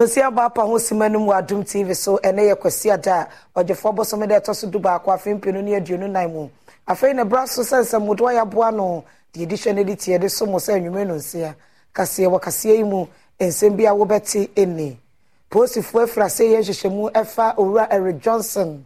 nsi aba apa ho sima no mu adum tv so ɛne yɛ kwasi ada a ɔgyefoɔ bɔsɔm de ɛtɔ so du baako afei mpenu ne aduonu nan mu afei ne bra so sɛ nsɛmmudoa yɛaboa no deɛ di hwɛ no de tiɛ de so mo sɛ nnwumere no nsia kaseɛ wɔ kaseɛ yi mu nsɛm bi a wobɛte ɛnni polisifoɔ afiri ase yɛ nhyehyɛmu ɛfa owura eric johnson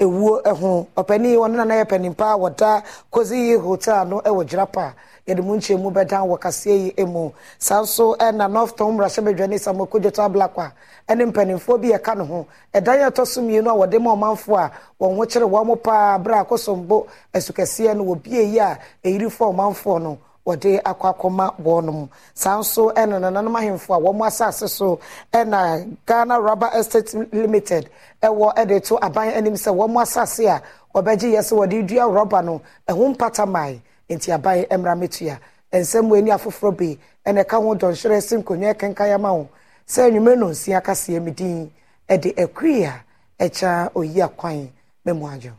ewuo ɛho ɔpanin wɔn nana yɛ panyin pa a wɔda kozi yi hotel ano ɛwɔ gyirapa yɛde mu nkyɛn mu bɛdan wɔ kaseɛ yi mu saa nso ɛna northton mmarahyɛbadwani samokodwoto ablakwa ɛne mpanimfoɔ bi yɛka ne ho ɛdan a ɛtɔ so mmienu a wɔde ma ɔmanfoɔ a wɔn ho kyerɛ wɔn mo paa berɛ akosombo asukɛseɛ no wɔbie yi a ɛyiri fɔ ɔmanfoɔ no wɔde akɔ akɔma wɔnom saa nso ɛna nananom ahemfo a wɔn asase so ɛna ghana rubber estate limited ɛwɔ ɛde to aban anim sɛ wɔn asase a wɔbɛgye yɛ sɛ wɔde dua rɔba no ɛho mpataman nti aban mmra metua nsɛm wɔ ani afoforɔ bi ɛna ɛka ho dɔnhwerɛ si nkonnwa ɛkenkan ama ho sɛ nnwuma no nsia kaseɛ mi din ɛde akuria ɛkya oyi akwan mɛmu adwo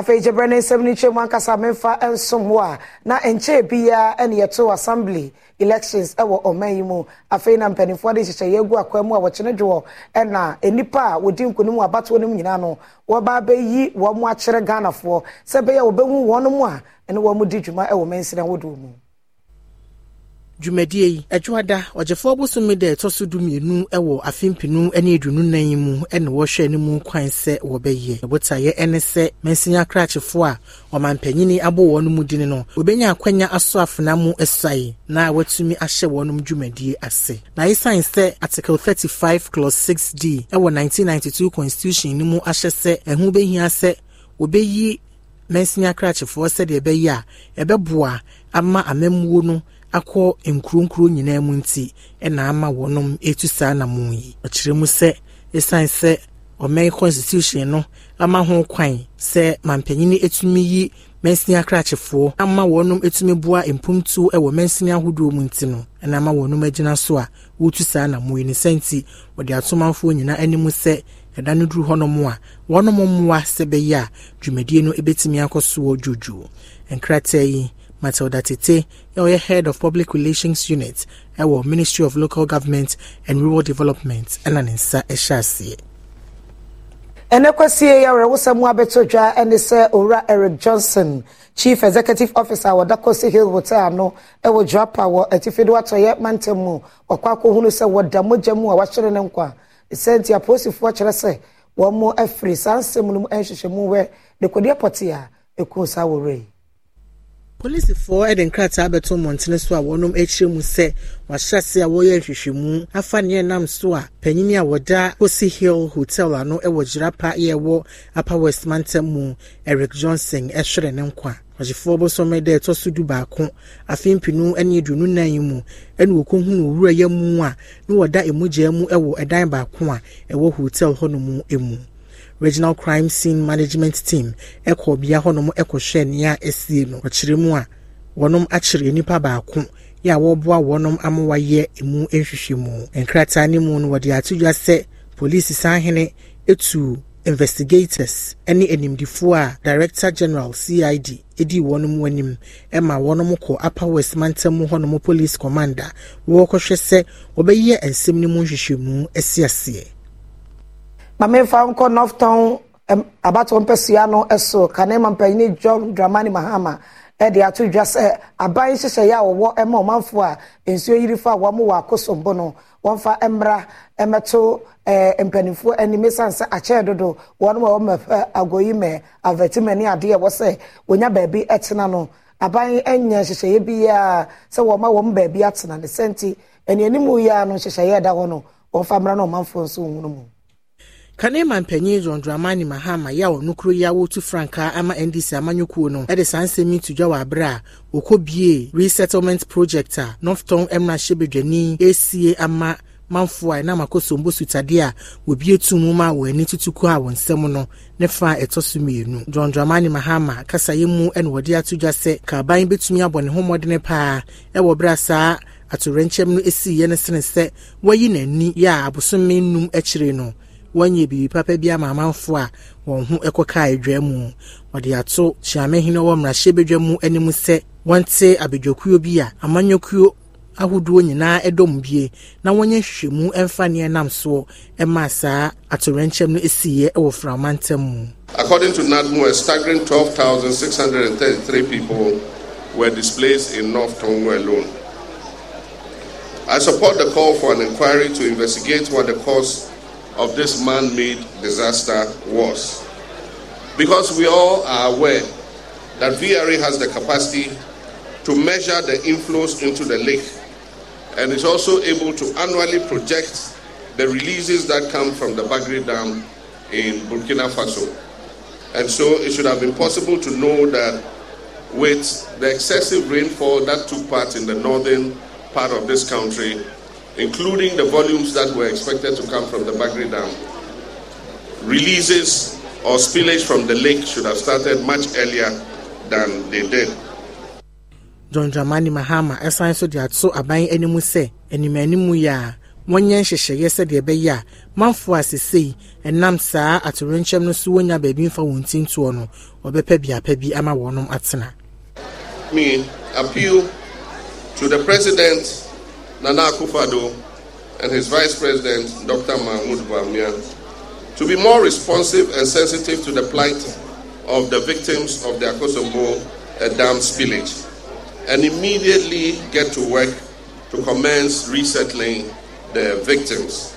afei gyebrɛ ne nsɛm no twam ankasa memfa nsom wo a na nkyɛɛ biara ne yɛto assembly elections wɔ ɔman yi mu afei na mpanimfoɔ de hyehyɛ yɛagu akwan mu a wɔkyene dwoɔ ɛna nnipa a wɔdi nkonim abatoɔ no mu nyinaa no wɔba bɛyi wɔn akyerɛ ghanafoɔ sɛ ɛbɛyɛ wɔbɛhu wɔn mu a ɛne wɔn di dwuma wɔ mansina ahodoɔ mu dwumadie yi adwoada ɔgyefoɔ bosome da ɛtɔ so dumienu wɔ afempinu ne aduonu nan yi mu ne wɔhwɛ no mu kwan sɛ wɔbɛyɛ abotaeɛ ne sɛ mansinya krakyefoɔ a ɔmampanyini abɔ wɔn mu din no wɔbɛnya akwanya asɔ afena mu asae na watumi ahyɛ wɔn dwumadie ase na ɛsiane sɛ article 35 clause 6d wɔ 1992 constitution no mu ahyɛ sɛ ɛho bɛhia sɛ wɔbɛyi mansinya krakyefoɔ sɛdeɛ ɛbɛyɛ a ɛbɛboa ama amammuo no akɔ nkuronkuro nyinaa mu nti ɛna ama wɔnom etu saa namu yi ɔkyerɛ mu sɛ esan sɛ ɔmɛn constitution no ama ho kwan sɛ mampanyini etumi yi mɛnsini akraakyefoɔ ama wɔnom etumi boa mpomtu ɛwɔ mɛnsini ahodoɔ mu nti no ɛna ama wɔnom agyina so a wotu saa namu yi ne sɛnti wɔde atomanfoɔ nyinaa anim sɛ ɛda no duru hɔnom a wɔnom mmoa sɛ bɛyɛ a dwumadie no ebetumi akɔ so dwodwo nkrataa yi Matilda Tete, your head of public relations unit, our Ministry of Local Government and Rural Development, and an insa eshasi. ɛnɛ kwasie yɛwerɛ wosɛm mu abɛto dwa ne sɛ owura eric johnson chief executive officer a wɔda hill hotel no wɔ dwapa wɔ atifi de watɔyɛ mantam mu ɔkɔ akɔhunu sɛ wɔda mogya mu a wahyere ne nkwa sɛ nti apolisifoɔ kyerɛ sɛ wɔn mo afiri saa nsɛm no mu nhyehyɛmu wɛ dekɔdeɛ pɔte a ɛkuu saa wɔwerɛ polisifoɔ ɛde nkrataa abɛto mmɔntene so a wɔnom akyerɛ mu sɛ wɔahyɛse a wɔyɛ nhwehwɛmu afa neɛ nam so a panyini a wɔda kosi hill hotel ano ɛwɔ gyirapa yɛwɔ apa west mantam mu eric johnson ɛhwere ne nkwa ɔgyefoɔ bɔsɔmɛ dɛ ɛtɔ so du baako afei mpinu ne aduonu nan mu ɛna wɔkɔhunu owura yɛ mu a na wɔda emu gyaa mu ɛwɔ ɛdan baako a ɛwɔ hotel hɔnom mu regional crime scene management team ɛkɔ bea hɔnom ɛkɔhwɛ nea ɛsie no ɔkyerɛ mu a wɔnom akyerɛ nnipa baako yɛ a wɔreboa wɔnom ama wɔayɛ emu nhwehwɛmu nkrataa no mu no wɔde atodwa sɛ polisi sanhene etu investigators ne animdifoɔ a director general cid Edi wɔn anim ma wɔn kɔ upper west mantam hɔnom police commander wɔrekɔhwɛ sɛ wɔbɛyɛ nsɛm no mu nhwehwɛmu asi aseɛ ma memfa nkɔ nɔftɔn abatoɔ mpɛsua no so kanema mpanyini john dramani mahama e de ato dwa sɛ e, aban nhyehyɛeɛ a wɔwɔ e ma ɔmanfoɔ a nsuo yiri fa a wɔn wɔ akosombo no wɔmfa mmra mmɛto mpanimfoɔ anim esiane sɛ akyɛn dodo wɔn agoyi mɛ avɛtima ne adeɛ wɔ sɛ baabi no aban bi a sɛ wɔn baabi a no hɔ no mmra na nso wɔn kanema mpanyin john dramani mahama yɛ a ɔno kuro yi a frankaa ama ndc amanyɔkuo no de saa nsɛm yi to dwa wɔ abere a wɔkɔbie resettlement project a northton emra badwani esie ama manfoɔ a ɛnam akosombo sutadeɛ a wɔbie tu mu ma wɔn ani tutuku a wɔn nsɛm no ne fa a ɛtɔ so mmienu john dramani mahama kasayɛ mu na wɔde ato dwa sɛ kaaban bɛtumi abɔ ne ho mmɔdene paa ɛwɔ berɛ a saa atorɛnkyɛm no esiiɛ no sene sɛ wɔyi n'ani yɛ a abosome num akyire no wɔnyɛ biribi papa bi ama amanfoɔ a wɔn ho kɔka adwa mu wɔde ato kyiamehene wɔ mmarahyɛbadwa mu anim sɛ wɔnte abadwakuo bi a amanyɔkuo ahodoɔ nyinaa dɔm bie na wɔnyɛ hwehwɛmu mfa neɛ nam soɔ ma saa atorɛnkyɛm no siiɛ wɔ framantam mu According to NADMO, a staggering 12,633 people were displaced in North Tongo alone. I support the call for an inquiry to investigate what the cause of this man made disaster was. Because we all are aware that VRA has the capacity to measure the inflows into the lake and is also able to annually project the releases that come from the Bagri Dam in Burkina Faso. And so it should have been possible to know that with the excessive rainfall that took part in the northern part of this country including the volumes that were expected to come from the Bagri Dam. Releases or spillage from the lake should have started much earlier than they did. John Dramani Mahama ɛsan so de ato aban anim sɛ anim anim yɛ a wɔnyɛ nhyehyɛeɛ sɛdeɛ ɛbɛyɛ a manfoɔ a sesei ɛnam saa atorenkyɛm no so wɔnya baabi mfa wɔn tintoɔ no wɔbɛpɛ biapɛ bi ama wɔnom atena. Me appeal to the president Nana Akufado, and his Vice President, Dr. Mahmoud Bamia, to be more responsive and sensitive to the plight of the victims of the Akosombo dam spillage and immediately get to work to commence resettling the victims.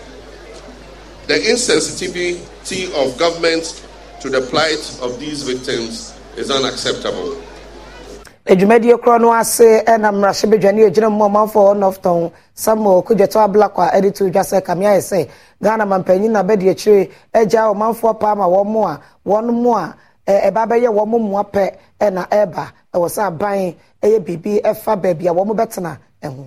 The insensitivity of government to the plight of these victims is unacceptable. edwumadie korɔ no ase ɛna mmarahyɛbadwani a gyina mu ɔmanfoɔ nɔftɔn samuel kudwato ablakwa ɛde to dwa sɛ kamea yɛ sɛ ghana mampanyin na bɛde akyire agya ɔmanfoɔ paa ma wɔn mo a wɔn mo a ɛba bɛyɛ wɔn mo mmoa pɛ ɛna ɛreba ɛwɔ sɛ aban ɛyɛ biribi ɛfa baabi a wɔn bɛtena ɛho.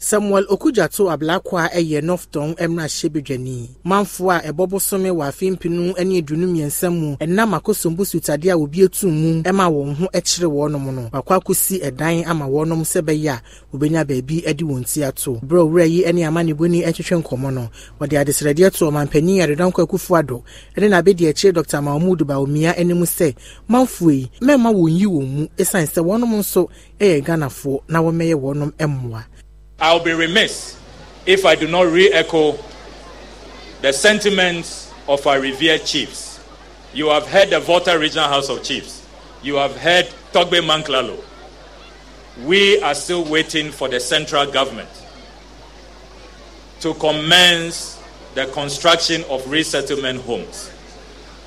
samuel okudjato ablakwa ɛyɛ nɔftɔn mmarahyɛbadwani manfoɔ a ɛbɔ bosome wɔ afe mpinu ne aduonu mmiɛnsa mu ɛnam akosombo sutadeɛ a obi etu mu ɛma wɔn ho ɛkyerɛ wɔnom no wakɔ akɔsi ɛdan ama wɔnom sɛ bɛyɛ a wobɛnya baabi ɛde wɔn ti ato berɛ owura yi ne amaniboni ɛtwetwe nkɔmɔ no wɔde adesrɛdeɛ to ɔmanpanin adedankɔ akufo ado ɛne n'abedi akyire dr mahmud baomia anim sɛ manfoɔ yi mɛma wɔn yi wɔn mu ɛsiane sɛ wɔnom nso ɛyɛ ghanafoɔ na wɔmɛyɛ wɔnom mmoa I'll be remiss if I do not re echo the sentiments of our revered chiefs. You have heard the Volta Regional House of Chiefs. You have heard Togbe Manklalo. We are still waiting for the central government to commence the construction of resettlement homes.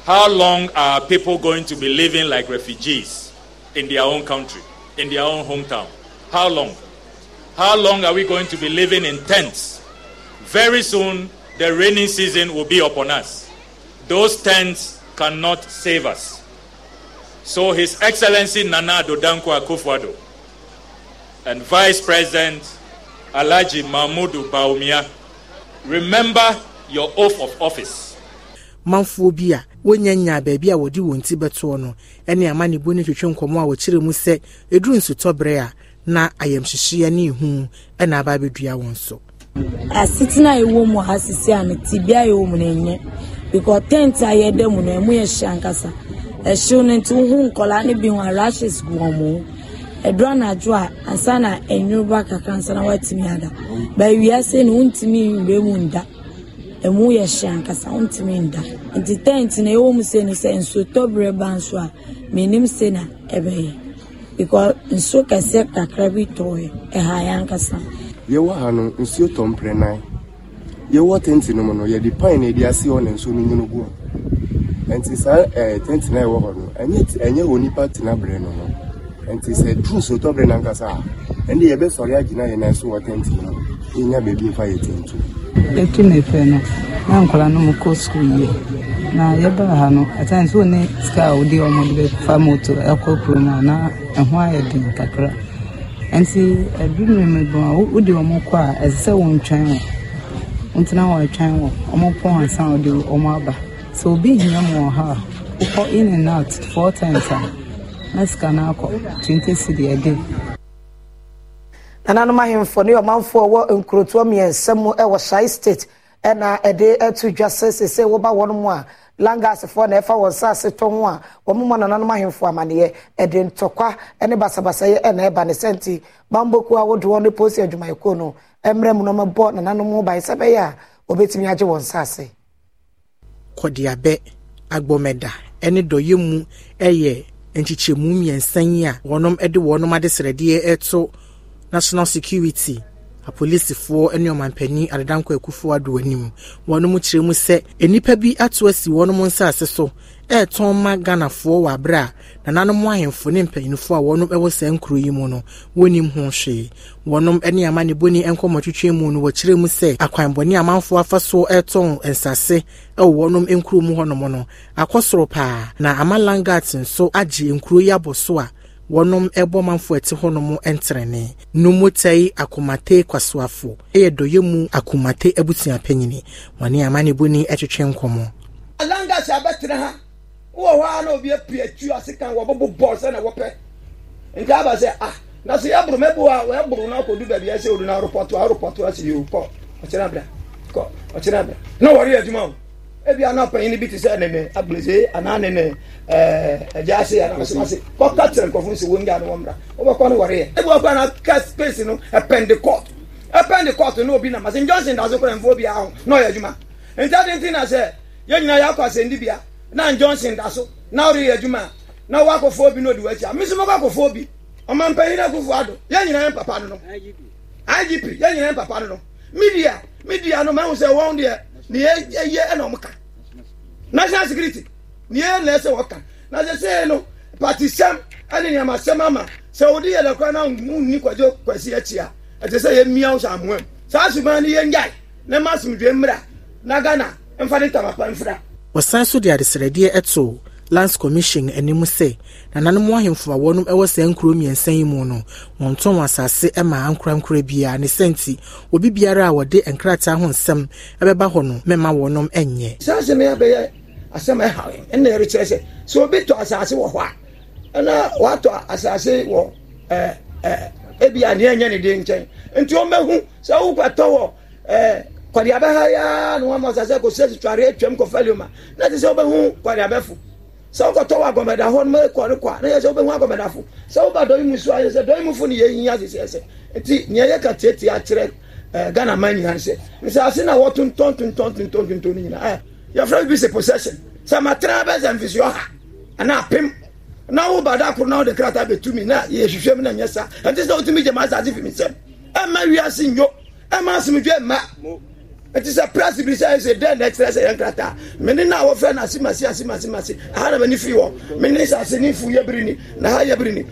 How long are people going to be living like refugees in their own country, in their own hometown? How long? How long are we going to be living in tents? Very soon, the rainy season will be upon us. Those tents cannot save us. So, His Excellency Nana Dodanko Akufuado and Vice President Alaji Mahmoud Baumia, remember your oath of office. manfoɔ wonya a wɔnyanyaa baabi a wɔde wɔn ti bɛtoɔ no ne amanebo no twetwe nkɔmmɔ a wɔkyerɛ mu sɛ ɛduru nsutɔberɛ a na ayamhyehyeɛ ne ihu na aba abɛdua wɔn so asetena a ɛwɔ mu ha sisi a no tibia a ɛwɔ mu no ɛnyɛ because tent a yɛda mu no ɛmu yɛ hyɛ ankasa ɛhyew no nti wohu nkɔlaa no bi ho a rashes gu wɔn mu ɛdoro anadwo a ansa na ɛnwere ba kakra ansa na watumi ada baawie se no wontumi nwura mu nda ɛmu yɛ hyɛ ankasa wontumi nda nti tent na ɛwɔ mu se no sɛ nsuotɔ berɛ ba nso a menim se na ɛbɛyɛ because nsuo kɛseɛ kakra bi tɔɔɛ ɛha yɛ yɛwɔ ha no nsuo tɔ mprɛnan yɛwɔ tɛnti no mu no yɛde pan na yɛde ase hɔ na nsuo no nwono gu nti saa ɛɛ tɛnti na ɛwɔ hɔ no ɛnyɛ ɛnyɛ wɔ nipa tena brɛ no no nti sɛ duru nsuo tɔ brɛ nankasa a ɛnde yɛbɛsɔre agyina yɛn nan so wɔ tɛnti no yɛnya beebi nfa yɛ tɛntu. etu na efe no na nkwadaa no mu kɔ sukuu yie. na yɛbaa ha no atane sɛ wone sika a wode ɔmɔde bɛfa moto ɛkɔ a na ɛho ayɛ den kakra nti adumemebɔ a wode ɔmo kɔ a ɛsɛ sɛ wɔ wontena wɔ wɔ ɔmo ansa wode ɔmo aba sɛ obi hia mu ha a wokɔ in and out four a na sika no akɔ 20 cedi a day nananom ahemfo ne ɔmanfoɔ wɔ nkurotoɔ mmiɛnsa mu wɔ hyai state ɛna ɛde ɛto dwa sɛ sɛ sɛ woba wɔn mu a langasfoɔ na ɛfa wɔn saase tɔ ho a wɔmoma nananom ahemfo amanneɛ ɛde ntɔkwa ne basabasayɛ na ɛba ne sɛnti bamboku ahodoɔ ne posi adwumayɛkuo no mmerɛ mu nɔmɛbɔ nananom ho ban sɛ bɛyɛ a wɔbɛtumi agye wɔn saase kɔdeabɛ agbɔmɛda ne dɔyɛ mu yɛ nkyekyɛmu mmiɛnsa yi a wɔnom de wɔnom adesrɛdeɛ ɛto national security apolisifoɔ ne ɔmanpanin adedankɔ akufoɔ ado anim wɔnom kyerɛ mu sɛ nnipa bi ato asi wɔnom nsase so ɛretɔn ma ghanafoɔ wɔ abere a nananom ahemfo ne mpanyinfoɔ a wɔnom wɔ saa nkuro yi mu no wɔnim ho hwee wɔnom ne ama ne boni nkɔmmɔtwitwe mu no wɔkyerɛ mu sɛ akwanbɔne amanfoɔ afa so ɛretɔn nsase ɛwɔ wɔnom nkuro mu hɔnom no akɔ soro paa na ama langat nso agye nkuro yi abɔ so a wɔnom ɛbɔ manfo ɛte hɔnom ɛntrɛne numu tɛi akomate kwasoafo ɛyɛ dɔyɛ mu akomate abusua panyini wɔne amane boni ɛtwetwe nkɔmmɔ alanga sɛ abɛtena ha wowɔ hɔ a na obi api atu ase kan wɔbobo bɔɔl sɛ na wɔpɛ nti aba sɛ ah na sɛ yɛboro mɛbo a wɔyɛboro no akɔdu baabi ɛsɛ odu no aropɔto aropɔto asɛ yɛwukɔ ɔkyerɛ bra kɔ ɔkyerɛ bra na wɔreyɛ adwuma o ebi anaa panyin bi te sɛ nene abunese anaa nene ɛɛ ɛgya ase anaa somase kɔka kyerɛ nkɔfo nsi wɔn gya no wɔn mra wɔbɛkɔ no wɔre yɛ ebi wɔkɔ anaa ka space no ɛpɛndi court ɛpɛndi court no obi nam ase johnson da so kora nfo bi aho na ɔyɛ adwuma nti adi nti na sɛ yɛn nyinaa yɛakɔ asɛndi bia na johnson da so na ɔreyɛ adwuma na wakɔfoɔ bi na odi wɔakyi a misi mɔkɔ bi ɔman panyin na kufu ado yɛn nyinaa yɛn papa no no igp yɛn nyinaa yɛn no media media no mɛ ne yɛyɛ ɛna ɔmo ka national security ne yɛ na ɛsɛ wɔka na sɛ sɛ no party sɛm ɛne nneɛma sɛm ama sɛ wodi yɛ dɛkora na nni kwadwo kwasi akyi a ɛte sɛ yɛmmia wo hyɛ amoa mu saa asoma no yɛngyae na ma asomdwe mmra na ghana mfa ne tamapa mfra wɔsan so de adesrɛdeɛ ɛtoo lands commission anim sɛ nananom ahemfo a wɔnom wɔ saa nkuro mmiɛnsa yi mu no wɔntɔn wɔn asase ma ankorankora biara ne sɛ nti obi biara a wɔde nkrataa ho nsɛm bɛba hɔ no mɛma wɔnom nyɛ. saa asɛm yi abɛyɛ asɛm ɛha ɛna ɛrekyerɛ sɛ sɛ obi tɔ asase wɔ hɔ a ɛna watɔ asase wɔ ebi adeɛ nyɛ ne den nkyɛn nti wɔn bɛhu sɛ wokɔ tɔ wɔ ɛɛ kɔdeabɛ ha yaa na wɔn ama asase akɔsi asitware atwam kɔfɛlioma na te sɛ wobɛhu kɔdeabɛfo sɛ wokɔtɔ wɔ agɔmɛda hɔ no mɛkɔre kɔa na yɛ sɛ wobɛhu agɔmɛdafo sɛ woba dɔyi mu so ayɛ sɛ dɔyi mu fo ne yɛhia sesɛɛ sɛ nti neɛ yɛka tiatie akyerɛ eh, ghana ma nyina sɛ nsase na wɔtontɔn tontɔn tontɔn tontɔn no nyinaa eh, yɛfrɛ bi sɛ possession sɛ matena bɛsɛ mfisio ha anaa apem na woba da koro na wode krataa bɛtumi na yɛhwehwɛ mu na nyɛ sa ɛnti sɛ wotumi gyama asase fi mi nsɛm ɛma wiase nnwo ɛma asomdwa mma ɛti sɛ prɛsi bi sɛ ɛsɛ dɛn na ɛkyerɛ sɛ yɛn krataa mene na wɔfɛ na asimasi asimasi aha na mani firi wɔ mene sase ne fu yɛbiri ni na ha yɛbiri ni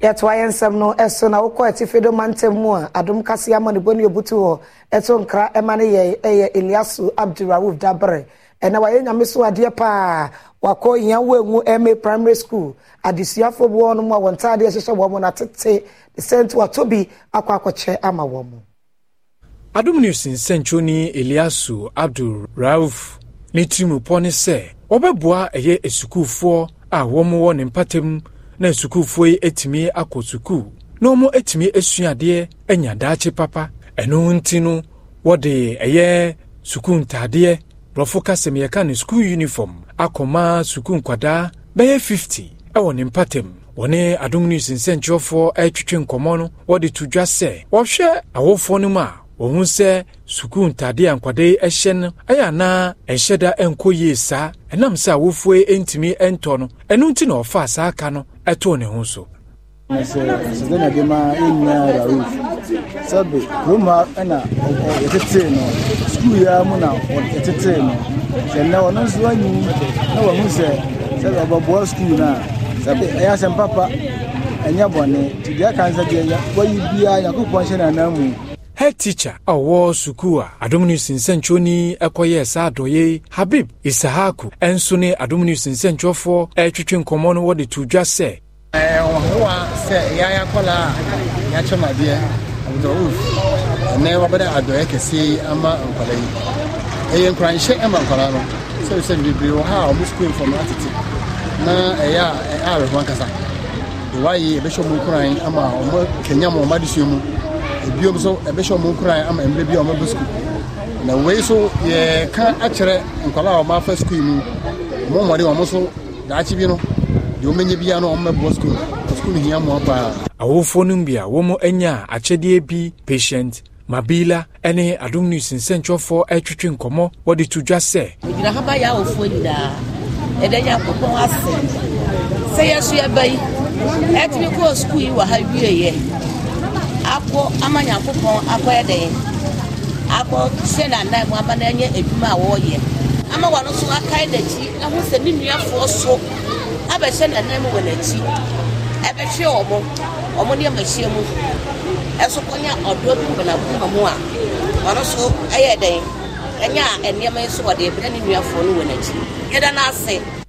yɛtoa yɛ nsɛm no ɛso na wokɔ atifi do mu a adom kase ama ne bɔ ne hɔ ɛto nkra ɛma ne yɛ ɛyɛ eliasu abdulrauf dabere ɛna wayɛ nyame so adeɛ paa wakɔ hia wɔangu ma primary school adesuafoɔ bi wɔ no mu a wɔn ntaadeɛ hyehyɛ wɔn mu na tete de sɛ nti watɔ bi akɔ akɔkyɛ ama wɔn mu adom news eliasu abdul rauf ne tirimupɔ ne sɛ wɔbɛboa ɛyɛ asukuufoɔ a wɔmwɔ ne mpatam na sukuufoɔ yi atumi akɔ sukuu na wɔn atumi asua adeɛ anya daakye papa ɛno nti no wɔde ɛyɛ sukuu ntaadeɛ borɔfo kasɛm yɛka ne sukuu uniform akɔma sukuu nkwadaa bɛyɛ 50 ɛwɔ ne mpatam wɔne adom news nsɛnkyerɛfoɔ ɛretwetwe nkɔmmɔ no wɔde to dwa sɛ wɔhwɛ awofoɔ no mu a ohun sɛ sukuu ntaade a nkwadaa ɛhyɛ no ɛyɛ anaa ɛnhyɛ da ɛnkɔ yie saa ɛnam sɛ ofu ntumi ɛntɔ no ɛno nti na ɔfaa saa ka no ɛtoo ne ho so ma ɛnyaa rauf sɛbe kurom ha ɛna yɛtetee no sukuu yia mu na yɛtetee no ɛnɛ ɔno nso anyi na wahu sɛ sɛbe ɔbɛboa sukuu no a sɛbe ɛyɛ asɛm papa ɛnyɛ bɔne nti deɛ aka deɛ wayi biaa nyankopɔn hyɛ mu head teacher a ɔwɔ sukuu a adom no ni saa adɔyɛ habib isahaku ɛnso ne adom no sinsɛntwofoɔ ɛretwetwe nkɔmmɔ no wɔde to dwa sɛ ɔhoa sɛ yɛayɛ akɔla a yɛakyɛm adeɛ abduruf ɛnɛ wabɛdɛ adɔyɛ kɛseɛ ama nkɔla yi ɛyɛ nkoranhyɛ ma nkɔla no sɛbisɛ bebree wɔ ha a ɔmo sukuulfoɔ no atete na ɛyɛ a ɛyɛ a bɛho ankasa ɛwɔ ayɛ yɛbɛhyɛ ɔmo nkoran ama ɔmo kanyam ɔmo adesua mu bio nso ɛbɛhyɛ ɔmo nkoran ama mmerɛ bi a ɔmo bɛ sukuu na wei nso yɛka akyerɛ nkwadaa a ɔmo afa sukuu yi mu ɔmo nwɔde ɔmo nso daakye bi no deɛ ɔmo anya biara no ɔmo bɛboa sukuu sukuu no hia mo paa. awofoɔ no bi a wɔn anya akyɛdeɛ bi patient mabila ne adom news nsɛntwerɛfoɔ retwetwe nkɔmmɔ wɔde to dwa sɛ. ɛgyina ha ba yɛ awofoɔ nyinaa ɛdɛ nyankopɔn ase sɛ yɛ so yɛba yi ɛtumi kɔɔ sukuu yi wɔ ha wieɛ akwụ amanya akwụkwọ akpọ ede akpọ sie na anaghị mu ama n'enye edwuma a wɔreyɛ ama wɔn nso akae n'akyi aho sɛ ne nuafoɔ so na nan mu wɔ n'akyi ɛbɛhwɛ wɔn wɔn nneɛma a wɔn nso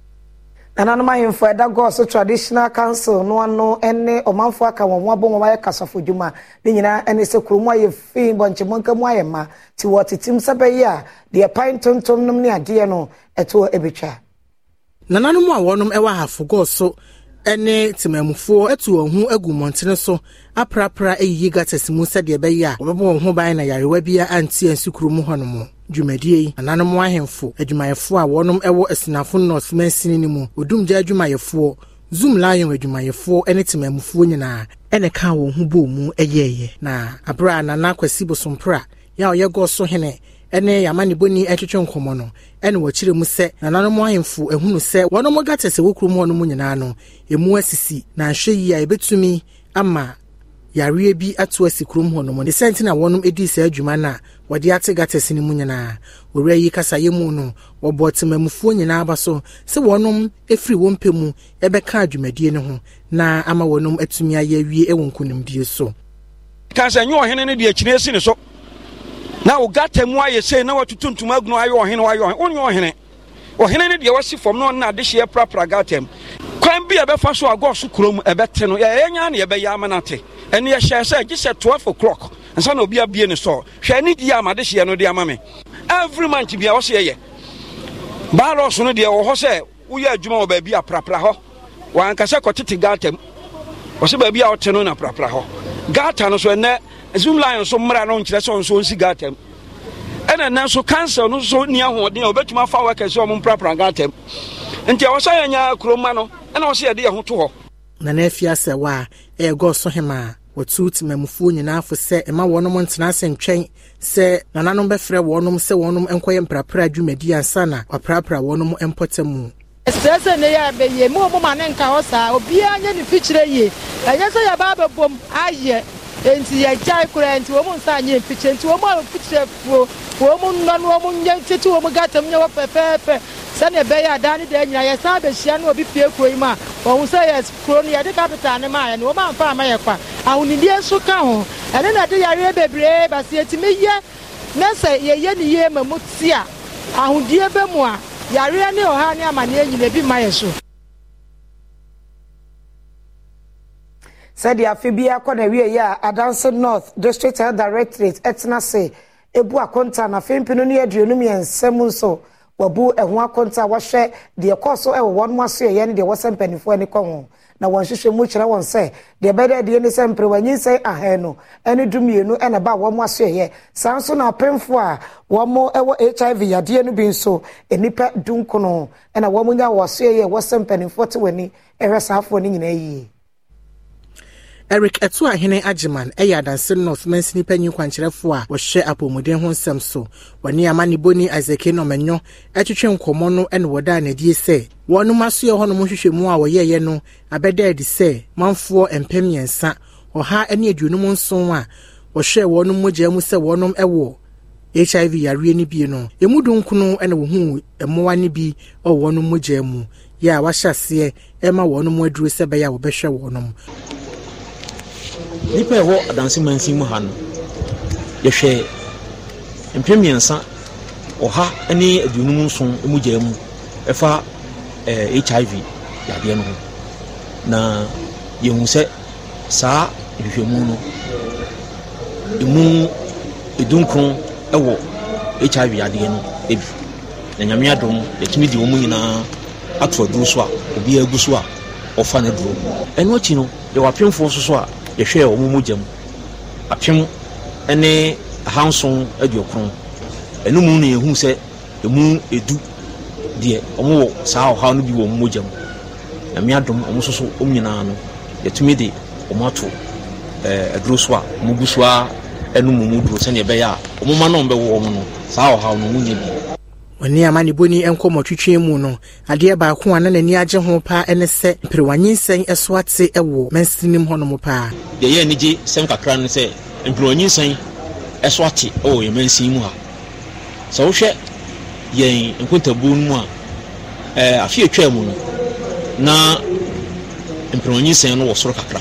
nananom ahemfo ɛda gɔɔso traditional council no ano ne ɔmanfo aka wɔn ho abɔ wɔn ayɛ kasafo dwuma ne nyinaa ne sɛ kurom ayɛ fi bɔnkyɛmɔnka mu ayɛ ma te wɔ tetem sɛ bɛyɛ a deɛ pan tontom nom ne adeɛ no ɛtoɔ ɛbɛtwa nananom a wɔnom wɔ ahafo gɔɔso ne temamufoɔ atu wɔn ho agu mmɔntene so aprapra ayiyi gatas mu sɛdeɛ ɛbɛyɛ a wɔbɛbɔ wɔn ho ban na yarewa biara antie nsukuru mu hɔnom dwumadie yi ananom ahemfo adwumayɛfoɔ a wɔnom wɔ asinafo north mansini no mu odumgya adwumayɛfoɔ zoom lion adwumayɛfoɔ ne temamufoɔ nyinaa ɛna ka wɔn ho bɔɔ mu yɛɛyɛ na abere a nana kwasi bosompra yɛ a ɔyɛ gɔɔ hene ne amaniboni twetwe nkɔmmɔ no ɛne wɔkyerɛ mu sɛ nananom ahemfo ahunu sɛ wɔnom gata sɛ wɔ kurom hɔnom nyinaa no ɛmu asisi na nhwɛ yi a yɛbɛtumi ama yareɛ bi ato asi kurom hɔnom ne sɛ nti na wɔnom dii saa adwuma no a wɔde ate gatas no mu nyinaa owura yi kasayɛ mu no wɔbɔ temamufoɔ nyinaa ba so sɛ wɔnom firi wɔn mpɛ mu ɛbɛka adwumadie no ho na ama wɔnom atumi ayɛ awie wɔ nkonimdie so kansɛ nyɛ ɔhene no deɛ akyini asi ne so na wo gata mu ayɛ sei na watutu ntoma agunu ayɛ ɔhene wayɛ ɔhene wonyɛ ɔhene ɔhene ne deɛ wasi fam na ɔne adehyeɛ prapra gata mu kwan bi a ɛbɛfa so agɔ so kurom ɛbɛte no yɛyɛ nya ne yɛbɛyɛ ama no ate ɛne yɛhyɛ sɛ gye sɛ 12 o'clock nsa na obi abie ne sɔɔ hwɛ ne die a madehyeɛ no de ama me every month bia wɔsɛ yɛyɛ baalɔso no deɛ wɔ hɔ sɛ woyɛ adwuma wɔ baabi a prapra hɔ wankasɛ kɔtete gata mu ɔsɛ baabi a ɔte no na prapra hɔ gata no so ɛnɛ zoomline nso mmra no nkyerɛ sɛ nso nsi gatam ɛna nan so council no nso ni ahoɔden a wɔbɛtumi afa workers sɛ ɔmo mprapra gatam nti ɛwɔ sɛ yɛnya kuroma no ɛna wɔsɛ yɛde yɛn ho to hɔ na na afi asɛ wɔ a ɛɛgɔ so hem a wɔtu temamufoɔ nyinaa fo sɛ ɛma wɔnom ntena ase ntwɛn sɛ nananom bɛfrɛ wɔnom sɛ wɔnom nkɔyɛ mprapra dwumadi ansa na wɔaprapra wɔnom mpɔta mu ɛsrɛ sɛ ne yɛ abɛyie mu ɔ moma ne nka hɔ saa obiaa nyɛ ne fikyerɛ yie ɛnyɛ sɛ yɛbaa bɛbom ayɛ nti yɛgyae koraa nti wɔn nsa nyɛ mfikyire nti wɔn a mfikyire fuo wɔn nnɔ no wɔn nyɛ tete wɔn gata mu nyɛ wɔ pɛpɛɛpɛ sɛnea ɛbɛyɛ adan ne deɛ nyinaa yɛsan abɛhyia no obi pie kuro yi mu a wɔn sɛ yɛ kuro no yɛde kapita ne maa yɛ no wɔn amfa ama yɛ kwa ahonidie nso ka ho ɛne na ɛde yareɛ bebree basi etimi yɛ na sɛ yɛyɛ ne yie ma mu ti a ahodie bɛ mu a yareɛ ne ɔha ne amaneɛ nyina bi ma yɛ so. sɛdeɛ afe biara kɔ na wieɛ a adanse north district health directorate ɛtena se ebu akonta na afepinu ne aduonu mmiɛnsa mu nso wabu ɛho akonta a wɔhwɛ deɛ kɔɔ so ɛwɔ wɔn aso yɛ ne deɛ wɔsɛ mpanimfoɔ ani kɔ ho na wɔn hyehyɛ mu kyerɛ wɔn sɛ deɛ bɛdɛ deɛ ne sɛ mperewanyinsɛn ahɛn no ɛne du mmienu ɛna ba a wɔn aso yɛ saa nso na apemfoɔ a wɔn ɛwɔ hiv yadeɛ no bi nso nnipa dunkono ɛna wɔn nyɛ wɔn aso yɛ wɔsɛ mpanimfoɔ te wɔn ani ɛhwɛ saa afoɔ no nyinaa yie eric ɛtoahene agyeman ɛyɛ adanse north mansi nipa nyi kwankyerɛfoɔ a wɔhyɛ apɔmuden ho nsɛm so wɔne amanebɔni isaac nɔmanyɔ ɛtwetwe nkɔmmɔ no ne wɔdaa n'adie sɛ wɔnom asoyɛ hɔnom nhwehwɛmu a wɔyɛeɛ no abɛda adi sɛ manfoɔ mpem mmiɛnsa ɔha ne aduonum nson a wɔhwɛɛ wɔnom mogya mu sɛ wɔnom ɛwɔ hiv yareɛ no bi no ɛmu dunkunu na wɔhuu mmoa no bi wɔ wɔnom mogya mu yɛ a wahyɛ aseɛ ɛma wɔnom aduro sɛ ɛbɛyɛ a wɔbɛhwɛ wɔnom nipa ɛwɔ adansi mansi mu ha no yɛhwɛ mpem mmiɛnsa ɔha ne aduonum nson mu gyaa mu ɛfa ɛɛ eh, hiv yadeɛ no ho na yɛhu sɛ saa nhwehwɛmu no emu edunkron ɛwɔ hiv yadeɛ no ebi na nyame adom yɛtumi di wɔn mu nyinaa ato aduro so a obiara gu so a ɔfa ne duro ɛno akyi no yɛwɔ apemfoɔ soso a yɛhwɛɛ wɔn mu gya mu apem ne ahanson aduokron ɛnum no yɛhu sɛ emu edu deɛ wɔn wɔ saa ɔhaw no bi wɔ wɔn mogya mu nyame adom wɔn nso so wɔn nyinaa no yɛtumi de wɔn ato ɛɛ eh, aduro so a wɔn gu so a ɛnum wɔn mu duro sɛnea ɛbɛyɛ a wɔn mma no bɛwɔ wɔn no saa ɔhaw no wɔn nyɛ bi ɔne ama ne boni nkɔmmɔ twitwe mu no adeɛ baako a na n'ani agye ho paa ne sɛ mperewanyinsɛn so ate wɔ mansinim hɔnom paa deɛ yɛ anigye sɛm kakra no sɛ mperewanyinsɛn so ate wɔ yɛn mansin mu ha sɛ wohwɛ yɛn nkontabuo no mu a ɛɛ afe atwaa mu no na mperewanyinsɛn no wɔ soro kakra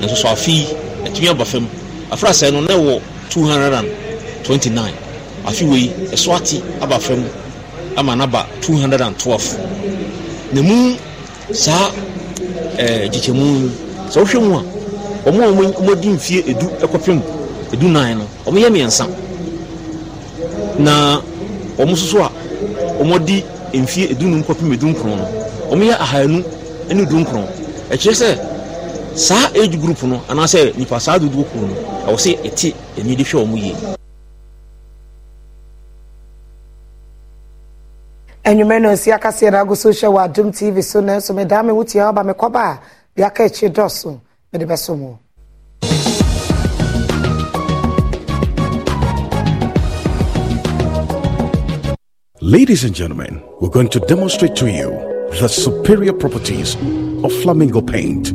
nanso so afe yi atumi aba fam afraasɛn no na ɛwɔ two hundred and twenty nine afe wei ɛso ate aba fam ama naba 212 na mu saa gyekyɛmu eh, sɛ wohwɛ mu a ɔmo a ɔmɔdi mfie edu ɛkɔpem edu nan no ɔmo yɛ mmiɛnsa na ɔmo soso a ɔmɔdi mfie edu num kɔpem edu nkron no ɔmo yɛ ahanu ɛne edu nkron ɛkyerɛ sɛ saa age group no anaasɛ nipa saa dodoɔ kuro no ɛwɔ sɛ ɛte ani de hwɛ ɔmo yie social tv so Ladies and gentlemen, we're going to demonstrate to you the superior properties of flamingo paint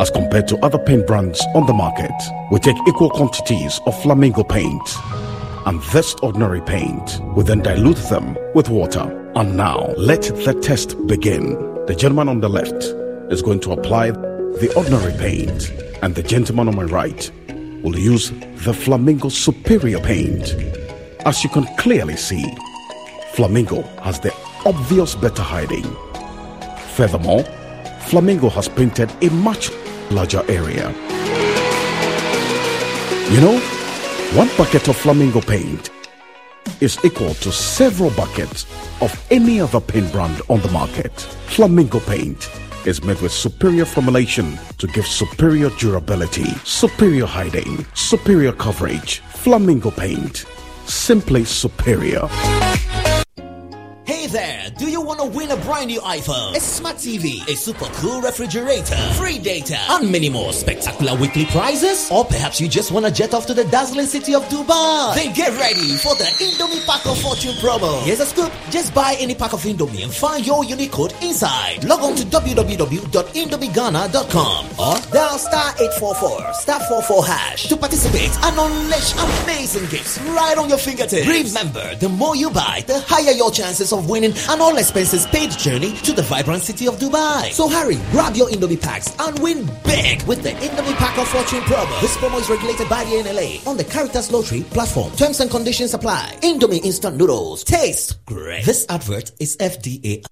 as compared to other paint brands on the market. We take equal quantities of flamingo paint and this ordinary paint. We then dilute them with water on now. Let the test begin. The gentleman on the left is going to apply the ordinary paint, and the gentleman on my right will use the Flamingo Superior paint. As you can clearly see, Flamingo has the obvious better hiding. Furthermore, Flamingo has painted a much larger area. You know, one bucket of Flamingo paint is equal to several buckets of any other paint brand on the market. Flamingo paint is made with superior formulation to give superior durability, superior hiding, superior coverage. Flamingo paint, simply superior there! Do you want to win a brand new iPhone, a smart TV, a super cool refrigerator, free data, and many more spectacular weekly prizes? Or perhaps you just want to jet off to the dazzling city of Dubai? Then get ready for the Indomie Pack of Fortune promo. Here's a scoop. Just buy any pack of Indomie and find your unique code inside. Log on to www.indomighana.com or dial star 844 star 44 hash to participate and unleash amazing gifts right on your fingertips. Remember, the more you buy, the higher your chances of winning dining, and all expenses paid journey to the vibrant city of Dubai. So hurry, grab your Indomie packs and win big with the Indomie Pack of Fortune promo. This promo is regulated by the NLA on the Caritas Lottery platform. Terms and conditions apply. Indomie instant noodles taste great. This advert is FDA.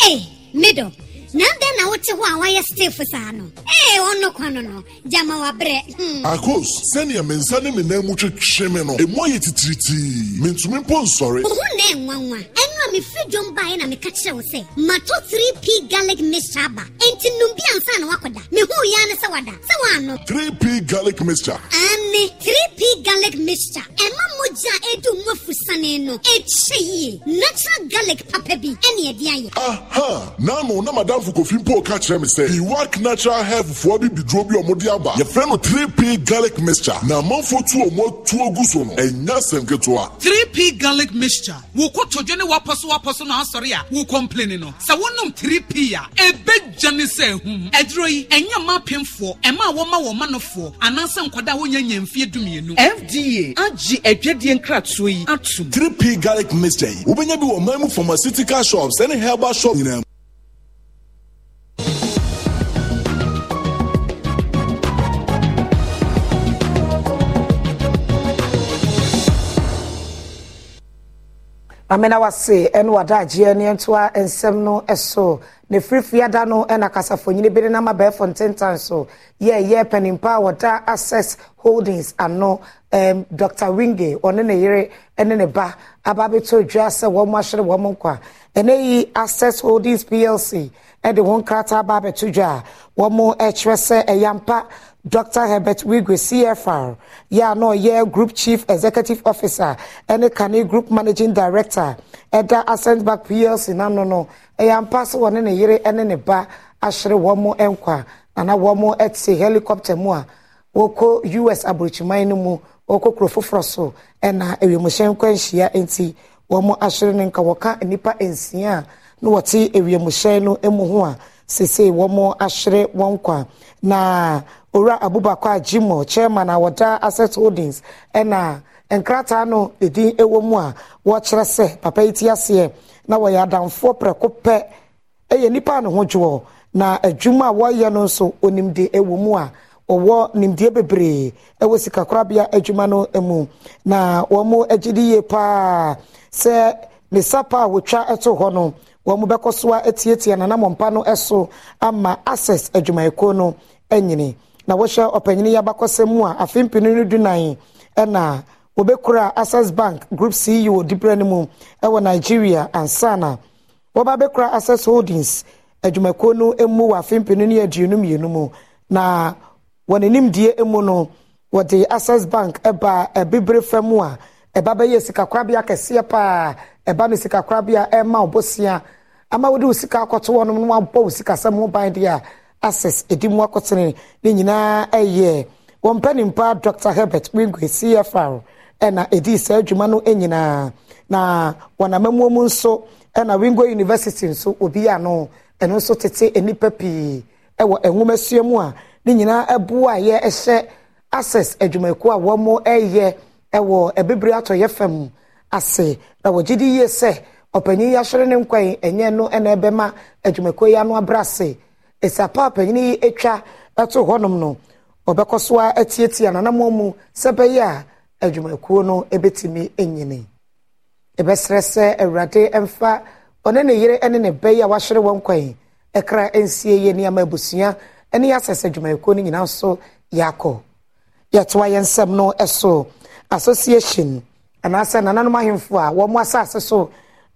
Hey, middle. nandɛn na wote hɔ a wayɛ stefo saa no ee ɔno kɔ no no gyama wabrɛ. akos sɛnea me nsa ne me nan mu twetwe me no emu ayɛ titiritii mentumi mpo nsɔre. ohun na ɛnwanwa ɛnu a mefiri dwom baeɛ na meka kyerɛ wo sɛ mato 3p garlic mixture aba enti num bi ansa na wakɔda mehu yia ne sɛ wada sɛ waano. 3p garlic mixture. ane 3p garlic mixture ɛma mogya a edu mu afusane no ekyɛ yie natural garlic papa bi ɛne ɛde ayɛ. aha naanu na madam asafo kofi mpo ka kyerɛ me sɛ iwak natural health foɔ bi biduro bi ɔmo de aba yɛfrɛ no 3p garlic mixture na amanfo tu ɔmo atu agu so no ɛnya sɛm ketewa 3p garlic mixture wo ko tɔdwe ne wapɔ so wapɔ so na asɔre a wo complain no sɛ wonom 3p a ɛbɛgya ne sɛ ɛhum ɛduro yi ɛnyɛ ma apemfoɔ ɛma wɔma wɔma nofoɔ anaasɛ nkwadaa wonya nya mfie dumienu fda agye adwadeɛ nkratoɔ yi atom 3p garlic mixture yi wobɛnya bi wɔ man mu pharmaceutical shops ɛne herbal shop Amena na wase ɛne wadagyeɛ ne ɛntoa nsɛm no ɛso ne firifiri ada no na kasafonyini bi ne nam abɛɛfo ntentan so yɛɛyɛ panimpa a wɔda access holdings ano um, dr winge ɔne ne yere ne ne ba aba abɛto dwa sɛ wɔn ahyere wɔn nkwa ɛnɛ yi access holdings plc de wɔn krataa aba abɛto dwa a wɔn kyerɛ sɛ ɛyampa dr herbert wigwe cfr yɛ a ɔyɛ group chief executive officer ne kane group managing director ɛda accent bank plc n'ano no. ɛyɛ ampa sɛ wɔ ne ne yere ne ne ba ahyere wɔn nkwa nana wɔn te helicopter mu a wɔkɔ us aburokyiman no mu wɔkɔ kuro foforɔ so ɛna ewiemuhyɛn nkwanhyia nti wɔn ahyere ne nka wɔka nipa nsia a na wɔte ewiemuhyɛn no mu ho a sese wɔn ahyere wɔn nkwa na owura abubakar jimoh chairman a wɔda asset holdings na nkrataa no edin ɛwɔ mu a wɔkyerɛ sɛ papa yi ti aseɛ. na wɔyɛ adamfoɔ prɛko pɛ ɛyɛ nipa ne ho dwoɔ na adwuma a wɔyɛ no nso onimdi ɛwɔ mu a ɔwɔ nimdeɛ bebree ɛwɔ sikakorabea adwuma no ɛmu. na wɔn mo agye di yie paa sɛ ne sapa a wɔtwa ɛto hɔ no wɔn mo bɛkɔ so a etiatia nanamɔmpa no ɛso ama access adwumayɛkuo no ɛnyini na wɔhyɛ ɔpanyin yabakɔsɛm a afei mpini no dunan ɛna. wɔbɛkura access bank group ceo diberɛ no mu wɔ nigeria ansana na wɔba bɛkura access holdings adwumakuo no mu wɔ afempinu ne aduonu mmienu mu na wɔn die mu no wɔde access bank ba abibire fam a ɛba bɛyɛ sikakorabea kɛseɛ paa ɛba no sikakorabea ɛma ɔbosea ama wɔde wo sika akɔto hɔ no na wɔabɔ wo sikasɛm ho ban deɛ a access ɛdi mu akɔtene ne nyinaa ɛyɛ wɔn mpanimpa dr herbert wingwe cfr na ɛdi saa adwuma no nyinaa na wɔnamamuo mu nso na wingo university nso obi a no ɛno nso tete nnipa pii ɛwɔ nwoma sua mu a ne nyinaa ɛboa a yɛ ɛhyɛ access adwumayɛko a wɔn ɛyɛ ɛwɔ ɛbibire atɔyɛ fam ase na wɔgye di yie sɛ ɔpanyin yi ahyɛrɛ ne nkwan ɛnyɛ no ɛna ɛbɛma adwumayɛko yi ano abere ase esiapa panyin yi atwa ɛto hɔnom no ɔbɛkɔ so a ɛtiatia nanamɔ mu sɛ bɛyɛ a. adwumakuo no bɛtumi nyini ɛbɛsrɛ sɛ awurade mfa ɔne ne yere ne ne bɛ yi a wahyere wɔn kwan ɛkra nsie yie nneɛma abusua ne yɛasɛsɛ adwumakuo no nyinaa so yɛakɔ yɛtoa yɛn nsɛm no so association anaasɛ nananom ahemfo a wɔn asase so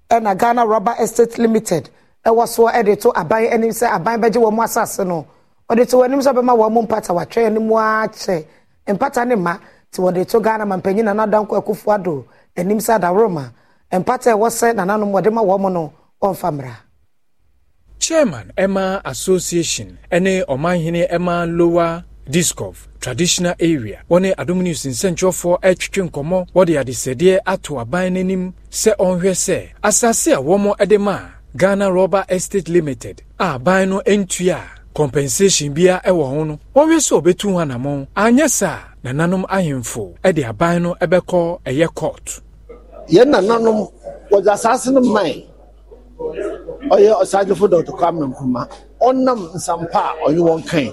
ɛna ghana rubber estate limited ɛwɔ so de to aban anim sɛ aban bɛgye wɔn asase no ɔde to wɔn anim sɛ ɔbɛma wɔn mpata watwɛn anim akyɛ mpata ne ma nti wɔde to ghana mampanyin nana danko akufo ado anim sɛ adaworoma mpata ɛwɔ sɛ nananom wɔde ma wɔn no wɔmfa mmara chairman ɛma association ɛne ɔmanhene ɛma lower discof traditional area wɔne adom news nsɛnkyerɛfoɔ ɛretwetwe nkɔmmɔ wɔde adesɛdeɛ ato aban n'anim sɛ ɔnhwɛ sɛ asase a wɔn de ma ghana rubber estate limited a aban no ntua a compensation bia ɛwɔ ho no wɔnhwɛ sɛ ɔbɛtu ho anammɔn anyɛ saa nananom ahemfo de aban no ɛbɛkɔ ɛyɛ court. yɛn nananom wɔdze asase no mman ɔyɛ ɔsagyefo dr kwame nkrumah ɔnam nsampa a ɔnye wɔn kan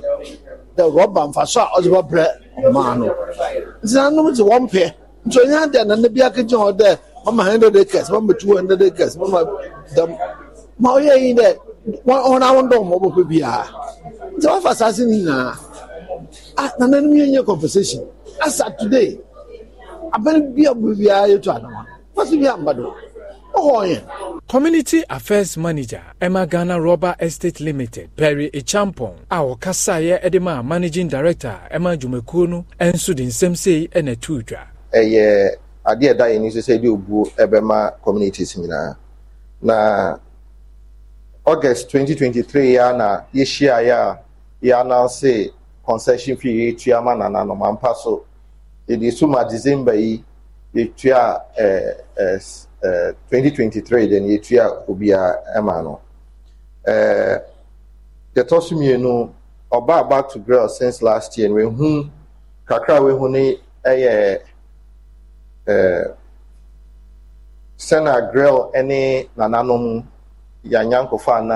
dɛ rɔba mfaso a ɔdze bɛbrɛ ɔmaa no nti nananom dze wɔn pɛ nti onyaa deɛ nana bi akegye hɔ dɛ mama hundred acres mama two hundred acres mama dam ma ɔyɛ yi dɛ wɔn ahondɔ wɔn bɔbɔ pɛ biara nti wɔn afa asase no nyinaa. Ah, na na anim yɛnyɛ compensation asa today abɛn bi a bibiara yɛtu adama fasi bi amba do ɔhɔ yɛn. community affairs manager emma ghana rubber estate limited perry echampong a ɔkasaeɛ de maa managing director emma dwumakuo no nso de nsɛm sei na ɛtu dwa. ɛyɛ adeɛ ɛda yɛn ni sɛ ebi obuo ɛbɛma communities nyinaa na august 2023 yɛ na yɛhyia yɛ a yɛ anansi. concession fee yɛtua eh, ama nananom ampa so yɛde suma december yi yɛtua ɛɛ ɛɛ ɛɛ twenty twenty three then yɛtua obiara ɛma no ɛɛ yɛtɔ so mmienu ɔbaa back to grill since last year eh, eh, no ehu kakra wehu ne ɛyɛ ɛɛ sɛna grill ɛne nananom yanyankofa ana.